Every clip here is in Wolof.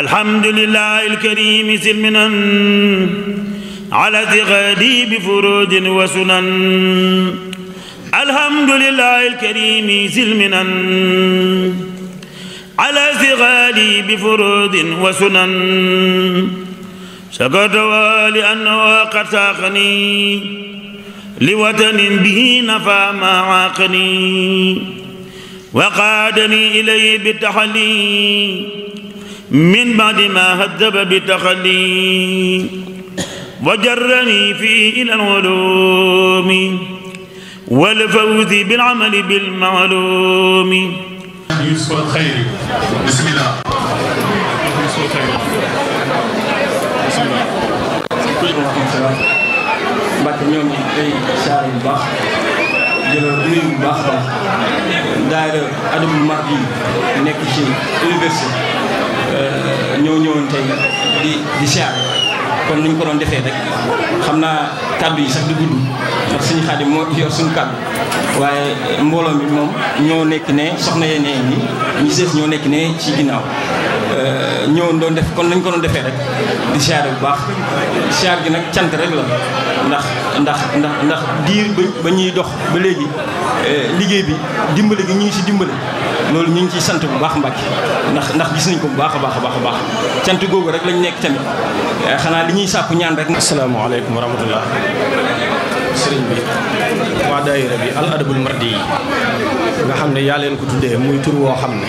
الحمد لله الكريم سلمنا على اعتقادي بفروج وسنن الحمد لله الكريم سلمنا على اعتقادي بفروج وسنن شكرت لأنه قد ساقني لوطن به نفى ما عاقني وقادني إليه بالتحلي من بعد ما هذب بتخلي وجرني فيه إلى العلوم والفوز بالعمل بالمعلوم يوسف الخير بسم الله يوسف الخير بسم الله Mbacke ñoo ngi day saar bu baax jëlal nuyu bu baax baax daayira adama mag yi nekk ci université ñëw ñëwoon di di siyaar kon ni ñu ko defee rek xam naa kàddu yi sax di gudd ndax suñu xaadim moo yor suñu kàddu waaye mbooloo mi moom ñoo nekk ne soxna yeneen nee ñu ñi sees ñoo nekk ne ci ginnaaw Euh, ñëwoon doon def kon nañ ko doon defee rek di siyaare bu baax siyaar gi nag cant rek la ndax ndax ndax ndax diir ba ñuy dox ba léegi euh, liggéey bi dimbale gi ñu ngi ci dimbali loolu ñu ngi ciy sant bu baax Mbàkke ndax ndax gis nañ ko bu baax a baax a baax a baax cant googu rek lañu nekk tamit euh, xanaa li ñuy sàkku ñaan rek. asalaamaaleykum wa rahmatullah sëriñ bi waa daayira bi al adabul mardi yi nga xam ne yaa leen ko tuddee muy tur woo xam ne.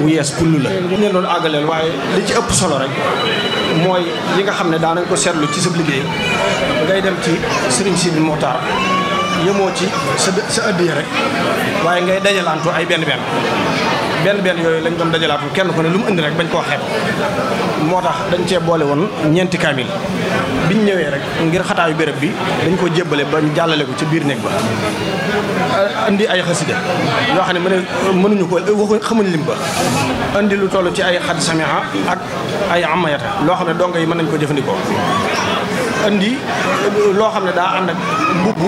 wu yees pull la ñu leen doon àggaleel waaye li ci ëpp solo rek mooy yi nga xam ne daanañ ko seetlu ci sa liggéey ngay dem ci sëriñ Sidi Moxtaar yemoo ci sa sa addiya rek waaye ngay dajalantoo ay benn benn benn benn yooyu lañ doon dajalaatu kenn ko ne lu mu indi rek bañ koo xeeb moo tax dañ cee boole woon ñeenti kaamil biñ ñëwee rek ngir xataayu béréb bi dañ koo jébbale ba ñu jàllale ko ci biir néeg ba indi ay xasida yoo xam ne mëne mënuñu ko waxu xamuñ lim ba indi lu toll ci ay xad samiha ak ay amayata loo xam ne donga yi mën nañ koo jëfandikoo indi loo xam ne daa ànd ak mbubb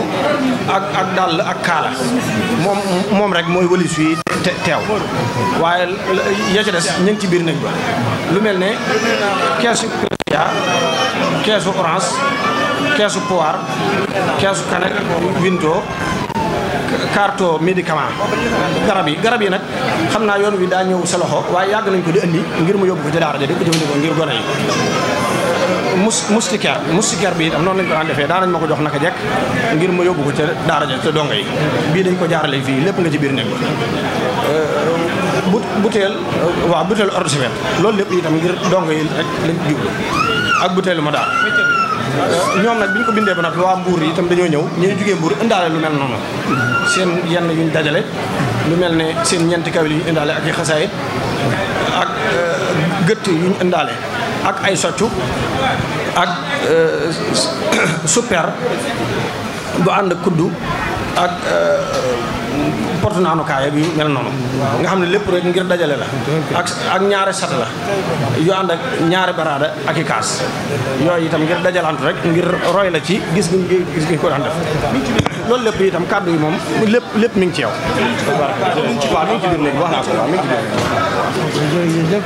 ak ak ak kaala moom moom rek mooy wëlis yi teew waaye ya ca des ñu ngi ci biir néeg ba lu mel ne keesu ya keesu orange keesu poire keesu kanet winto carton médicament garab yi garab yi nag xam naa yoon wi daa ñëw sa loxo waaye yàgg nañ ko di indi ngir mu yóbbu ko ci daara ja di ko jëfandikoo ngir gone yi mus moustiquaire moustiquaire bi itam noonu lañ ko daan daanañ ma ko jox naka jekk ngir ma yóbbu ko ca daara ja ca donga yi bii dañ ko jaarale fii lépp nga ci biir nekk bu euh, buteel euh, waaw buteel ordre loolu lépp itam ngir donga yi rek ak buteelu ma daal euh, ñoom nag bi ñu ko bindee ba nag waa mbuur yi tam dañoo ñëw ñuy jugee mbuur indaale lu mel noonu seen yenn yuñ dajale lu mel ne seen ñeenti kawil yuñ indaale ak yi xasaayit ak gëtt yuñ indaale ak ay soccu ak euh, super bu ànd ak kuddu ak euh, porte naanukaay bi mel noonu nga xam ne lépp rek ngir dajale la ak ak ñaari sat la yu ànd ak ñaari baraada ak i kaas yooyu itam ngir dajalantu rek ngir roy la ci gis gi gis gi ko daan def loolu lépp itam kàddu yi moom lépp lépp mi ngi ci yow waaw mi ngi ci biir léegi wax naa ko waaw mi ngi ci biir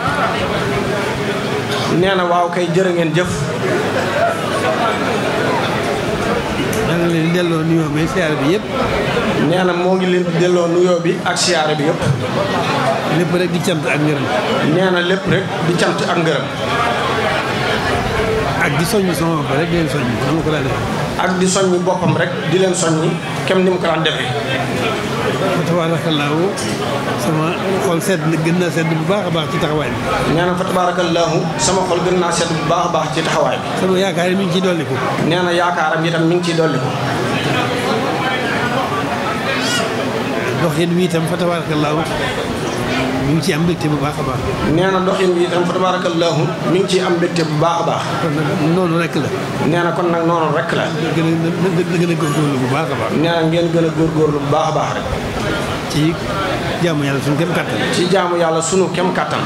nee na waaw kay jërë ngeen jëf. maa ngi leen di delloo nuyoo bi siyaare bi yëpp. nee na moo ngi leen di delloo nuyoo bi ak siyaare bi yëpp. lépp rek di cant ak ngërëm. nee na lépp rek di cant ak ngërëm. ak di soññ sama bopp rek di leen soññ ni ma ko daan ak di soññ boppam rek di leen soññ kem ni mu ko daan defee. fa tabaarakallaahu sama xol sedd gën naa sedd bu baax a baax ci taxawaay bi. nee na fa tabaarakallaahu sama xol gën naa sedd bu baax a baax ci taxawaay bi. sama yaakaar yi mi ngi ciy dolli ko. nee na yaakaaram itam mi ngi ciy dolli ko. doxin wi itam fa tabaarakallaahu mi ngi ci am mbégte bu baax a nee na doxin wi itam fa tabaarakallaahu mi ngi ciy am mbégte bu baax a baax. kon nag noonu rek la. nee kon nag noonu rek la. gën a gën a góorgóorlu bu baax a baax. gën a góorgóorlu bu baax a baax rek. ci jaamu yàlla sunu kem kàttan. ci jaamu yàlla sunu kem kàttan.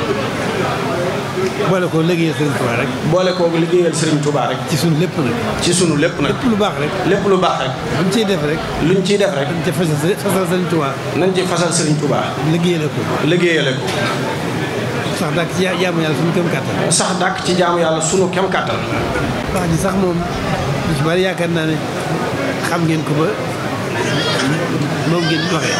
boole koo liggéeyal Serigne Touba rek. boole ko liggéeyal Serigne Touba rek. ci sunu lépp nag. ci sunu lépp nag. lépp lu baax rek. lépp lu baax rek. luñ ciy def rek. luñ ciy def rek. nañ ci fasal Serigne Touba. nañ ci fasal Serigne Touba. liggéeyale ko. liggéeyale ko. sax dàkk ci jaamu yàlla sunu kem kàttan. sax dàkk ci jaamu yàlla sunu kem kàttan. wax sax moom lu ci bari yaakaar naa ne xam ngeen ko ba. loolu ngeen di doxee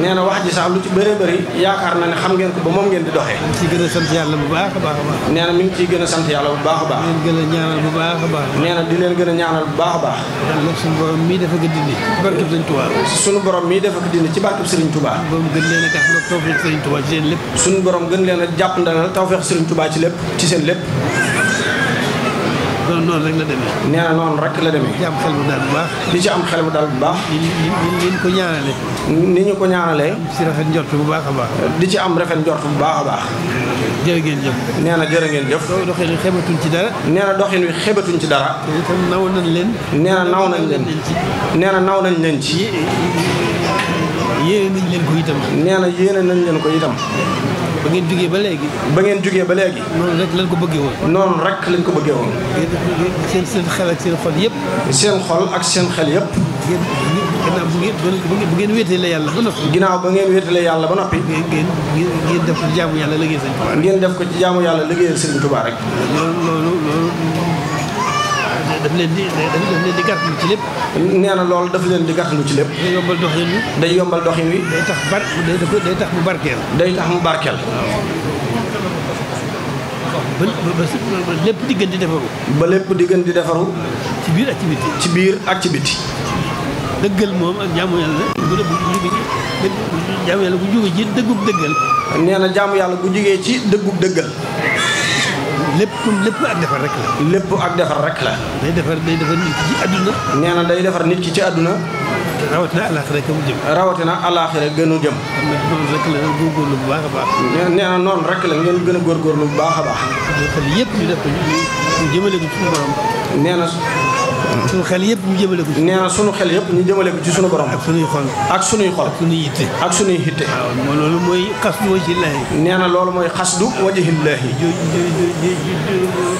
nee na wax ji sax lu ci bëree bëri yaakaar na ne xam ngeen ko ba moom ngeen di doxe mi ngi gën a sant yàlla bu baax a baax a baax nee na mi ngi ciy gën a sant yàlla baax a baax leen gën a ñaanal bu baax a baax nee na di leen gën a ñaanal bu baax a baax nag suñu borom mii dafa ko dindi ci barkeb sëriñ Touba suñu borom mii dafa ko dindi ci barkeb sëriñ Touba borom gën leen a tax nag tawfeex sëriñ Touba suñu borom gën leen a jàpp ndanal tawfeex sëriñ Touba ci lépp ci seen lépp noonu noonu rek la demee. nee na noonu rek la demee. di ci am xel bu daal bu baax. di ci am xel bu daal bu baax. ni ñu ko ñaanalee. ni ñu ko ñaanalee. di ci rafet njort bu baax a baax. di ci am rafet njort bu baax a baax. jërë ngeen jëf. nee na jërë ngeen jëf. doxin wi xebatuñ ci dara. nee na doxin wi xebatuñ ci dara. te itam naw nañ leen. nee na naw nañ leen. nee na naw nañ leen ci. yéene nañ leen ko itam. nee na yéene nañ leen ko itam. ba ngeen jugee ba léegi. ba ngeen jugee ba léegi. noonu rek lañ ko bëggee woon. noonu rek lañ ko bëggee woon. seen seen xel ak seen xol yëpp. seen xol ak seen xel yëpp. ngeen ginnaaw bu ngeen bu ngeen wéetale yàlla ba noppi. ginnaaw ba ngeen wéetale yàlla ba noppi. ngeen ngeen def ko ci jaamu yàlla liggéeyal sëñ Tuubaa. ngeen def ko ci jaamu yàlla liggéeyal sëñ Tuubaa rek. loolu loolu loolu. daf leen di daf leen di gàttandu ci lépp. nee na loolu daf leen di gàttandu ci lépp. day yombal doxin wi. day yombal doxin wi. day tax bar day tax bu barkeel. day tax mu barkeel. lépp di gën di defaru. ba lépp di gën di defaru. ci biir ak ci biti. dëggal moom ak jaamu yàlla bu bu jugee jaamu yàlla bu ci dëggub dëggal. nee na jaamu yàlla bu jógee ci dëggub dëggal. lépp lépp ak defar rek la. lépp ak defar rek la. day defar day defar nit ki ci àdduna. nee na day defar nit ki ci àdduna. rawatina alaaxira gënu jëm. rawatina alaaxira gënu jëm. noonu rek la ngeen góorgóorlu bu baax a baax. nee na noonu rek la ngeen gën a góorgóorlu bu baax a baax. yëpp ñu def ko ñu jëmale ko nee na. sunu xel yëpp ñu jëmale ko. nee na sunu xel yëpp ñu jëmale ko ci sunu borom. ak sunuy xol ak sunuy xol. ak sunuy yitte ak sunuy yitte. waaw mooy loolu mooy xasdu wajhillaahi. nee na loolu mooy xasdu wajhillaahi.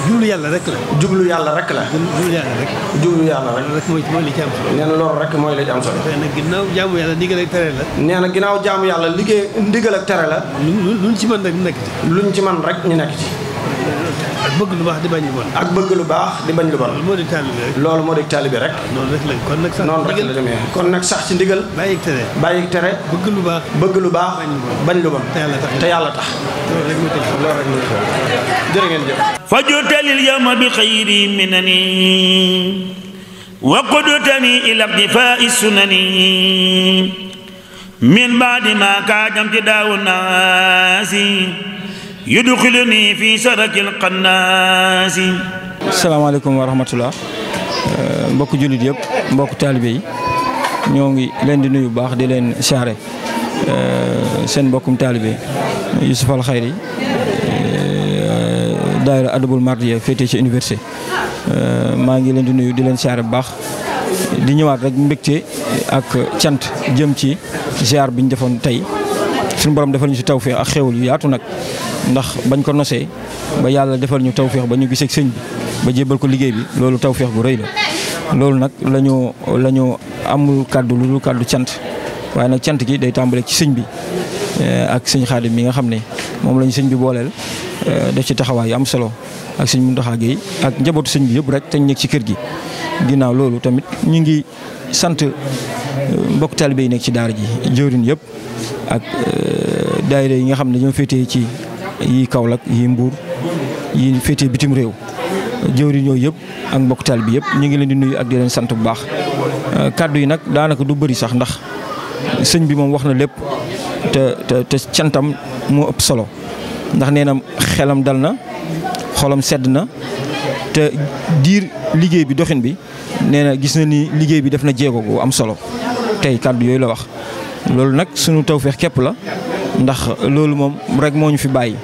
jublu yàlla rek la. jublu yàlla rek la. jublu yàlla rek. jublu yàlla rek. rek mooy mooy li ci am solo. nee na loolu rek mooy li ci am solo. nee na ginnaaw jaamu yàlla ndigal ak tere la. nee na ginnaaw jaamu yàlla liggéey ndigal ak tere la. luñ ci mën rek ñu nekk ci. luñ ci mën rek ñu nekk ci. bëgg lu baax di bañ lu bon. ak bëgg lu baax di bañ lu bon. loolu moo di taalibe rek. loolu moo di taalibe rek. noonu rek lañ kon nag sax noonu rek la demee kon nag sax ci ndigal. bàyyi tere bàyyi tere. bëgg lu baax bëgg lu baax. bañ lu bon te yàlla tax loolu rek mooy tax loolu rek mooy tax jërë ngeen jëf. fajutalil yawma bi xayri minani wa qudutani ila ibtifaa'i sunani min baadi ma kaajam ci daawu naasi yudxiluni fi sarakil qannaasi salaamaaleykum wa rahmatullah euh, mbokk jullit yëpp mbokk taalibe yi ñoo ngi leen di nuyu baax di leen saare euh, seen mbokkum taalibe Yusuf Al Xayri euh, daayira Adabul Mardiya féete ci université maa ngi leen di nuyu di leen saare bu baax di ñëwaat rek mbégte ak cant jëm ci ziar bi ñu defoon tey suñ borom defal ñu si fii ak xéwal yu yaatu nag. ndax bañ ko nosee ba yàlla defal ñu tawféex ba ñu gisee sëñ bi ba jébbal ko liggéey bi loolu tawféex bu rëy la loolu nag lañu la ñu amul kàddu lu dul kàddu cant waaye nag cant gi day tàmbale ci sëñ bi eh, ak sëñ xaadim mi nga xam ne moom la sëñ bi booleel eh, def ci taxawaay am solo ak sëñ Muntaxa Géey ak njabootu sëñ bi yëpp rek te ñu nekk ci kër gi. dinaaw loolu tamit ñu ngi sant eh, mbokk taalibe yi nekk ci daara ji jëwriñ yëpp ak daayira yi nga xam ne ñoo féetee ci yii Kaolack yii mbuur yii féetee bitim réew jëwri ñoo yëpp ak mbokk taal bi yëpp ñu ngi leen di nuyu ak di leen sant bu baax euh, kàddu yi nag daanaka du bëri sax ndax sëñ bi moom wax na lépp te te cantam moo ëpp solo ndax nee na xelam dal na xolam sedd na te diir liggéey bi doxin bi nee na gis na ni liggéey bi def na jéego gu am solo tey kàddu yooyu la wax. loolu nag sunu tawfeex képp la ndax loolu moom rek moo ñu fi bàyyi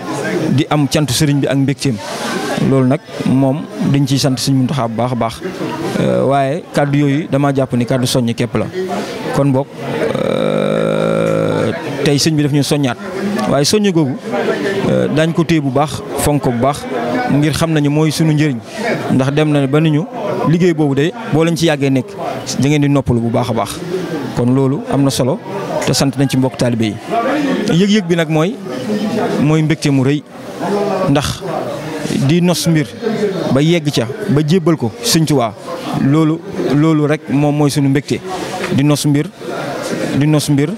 di am cant sëriñ bi ak mbégteem loolu nag moom dañ ciy sant sëriñ Muntaxa bu baax a baax euh, waaye kàddu yooyu damaa jàpp ni kàddu soññ képp la kon boog euh, tey sëñ bi daf ñu soññaat waaye soññ googu euh, daañ ko téye bu baax fonk ko bu baax ngir xam nañu mooy sunu njëriñ ndax dem na ba ni ñu liggéey boobu de boo lañ ci yàggee nekk da ngeen di noppalu bu baax a baax kon loolu am na solo te sant nañ ci mbokk taalibe yi yëg-yëg bi nag mooy mooy mbégte mu rëy ndax di nos mbir ba yegg ca ba jébbal ko Sëñ Tuubaa loolu loolu rek moom mooy sunu mbégte di nos mbir di nos mbir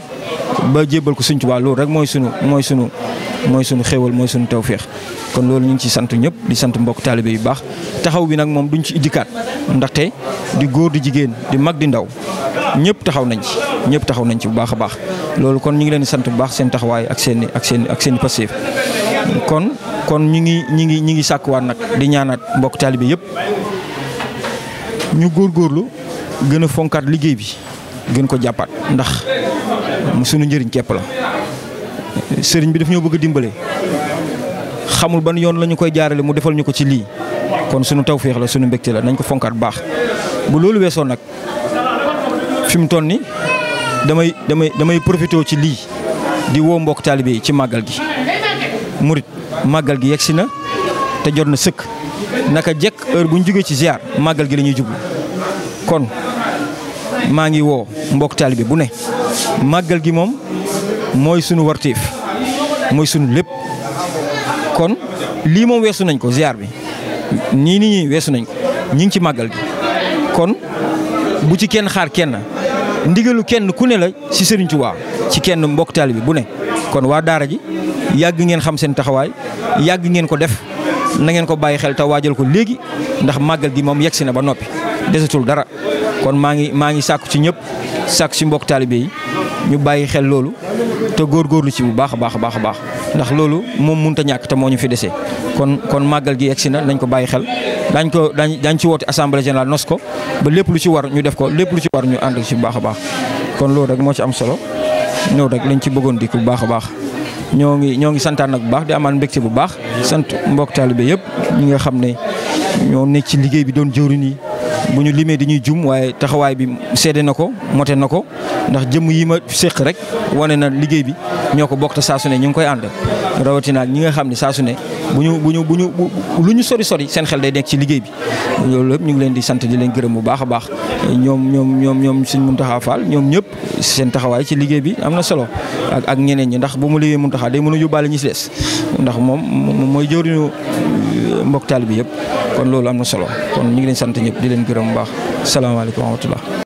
ba jébbal ko Sëñ Tuubaa loolu rek mooy sunu mooy sunu mooy sunu xéewal mooy sunu tawféex kon loolu ñu ngi ci sant ñëpp di sant mbokk taalibe yu baax taxaw bi nag moom duñ ci dikkaat ndaxte di góor di jigéen di mag di ndaw ñëpp taxaw nañ ci ñëpp taxaw nañ ci bu baax a baax loolu kon ñu ngi leen di sant bu baax seen taxawaay ak seen ak seen ak seen passif kon kon ñu ngi ñu ngi ñu ngi sàkkuwaat nag di ñaanaat mbokk taalibe yëpp ñu góorgóorlu gën a fonkaat liggéey bi gën ko jàppaat ndax sunu njëriñ képp la sëriñ bi daf ñoo bëgg a dimbale xamul ban yoon la ñu koy jaarale mu defal ñu ko ci lii kon sunu tawféex la sunu mbégte la nañ ko fonkaat baax bu loolu weesoo nag fi mu toll ni damay damay damay profité ci lii di woo mbokk taalibe ci màggal gi murit màggal gi yegsi na te jot na sëkk naka jekk heure bu ñu jógee ci ziar màggal gi lañuy ñuy kon maa ngi woo mbokk taalibe bu ne màggal gi moom mooy sunu warteef mooy sunu lépp kon lii moom weesu nañ ko ziar bi nii nii weesu nañ ko ñu ngi ci màggal gi kon bu ci kenn xaar kenn ndigalu kenn ku ne la si Serigne Touba ci kenn mbokk taal bi bu ne kon waa daara ji yàgg ngeen xam seen taxawaay yàgg ngeen ko def na ngeen ko bàyyi xel te waajal ko léegi ndax màggal gi moom yegsi na ba noppi desatul dara kon maa ngi maa ngi sàkku ci ñëpp sàkku ci mbokk taalibe ñu bàyyi xel loolu te góor góorlu ci bu baax a baax a baax a baax. ndax loolu moom mënut a ñàkk te moo ñu fi dese kon kon màggal gi egsi na nañ ko bàyyi xel dañ ko daañ daañ ci woote assemblée générale nos ko ba lépp lu ci war ñu def ko lépp lu ci war ñu ànd ci bu baax a baax kon loolu rek moo ci am solo ñëw rek lañ ci bëggoon dikk bu baax a baax ñoo ngi ñoo ngi santaan nag bu baax di amaan mbégte bu baax sant mbokk taalibe yëpp ñi nga xam ne ñoo nekk ci liggéey bi doon jëwriñ yi bu ñu limee ñuy jum waaye taxawaay bi seede na ko mote na ko ndax jëmm yi ma séq rek wane na liggéey bi ñoo ko bokk te saa su ñu ngi koy ànd rawatina ñi nga xam ne saa su ne bu ñu bu ñu bu ñu lu ñu sori sori seen xel day nekk ci liggéey bi loolu ñu ngi leen di sant di leen gërëm bu baax a baax ñoom ñoom ñoom ñoom suñ Muntaxa Faal ñoom ñëpp seen taxawaay ci liggéey bi am na solo ak ak ñeneen ñi ndax bu mu liggéey Muntaxa day mën a yóbbaale ñi si des ndax moom mooy jëwriñu mbokk taalibe bi yëpp kon loolu am na solo kon ñu ngi leen sant ñëpp di leen gërëm bu baax salaamaaleykum wa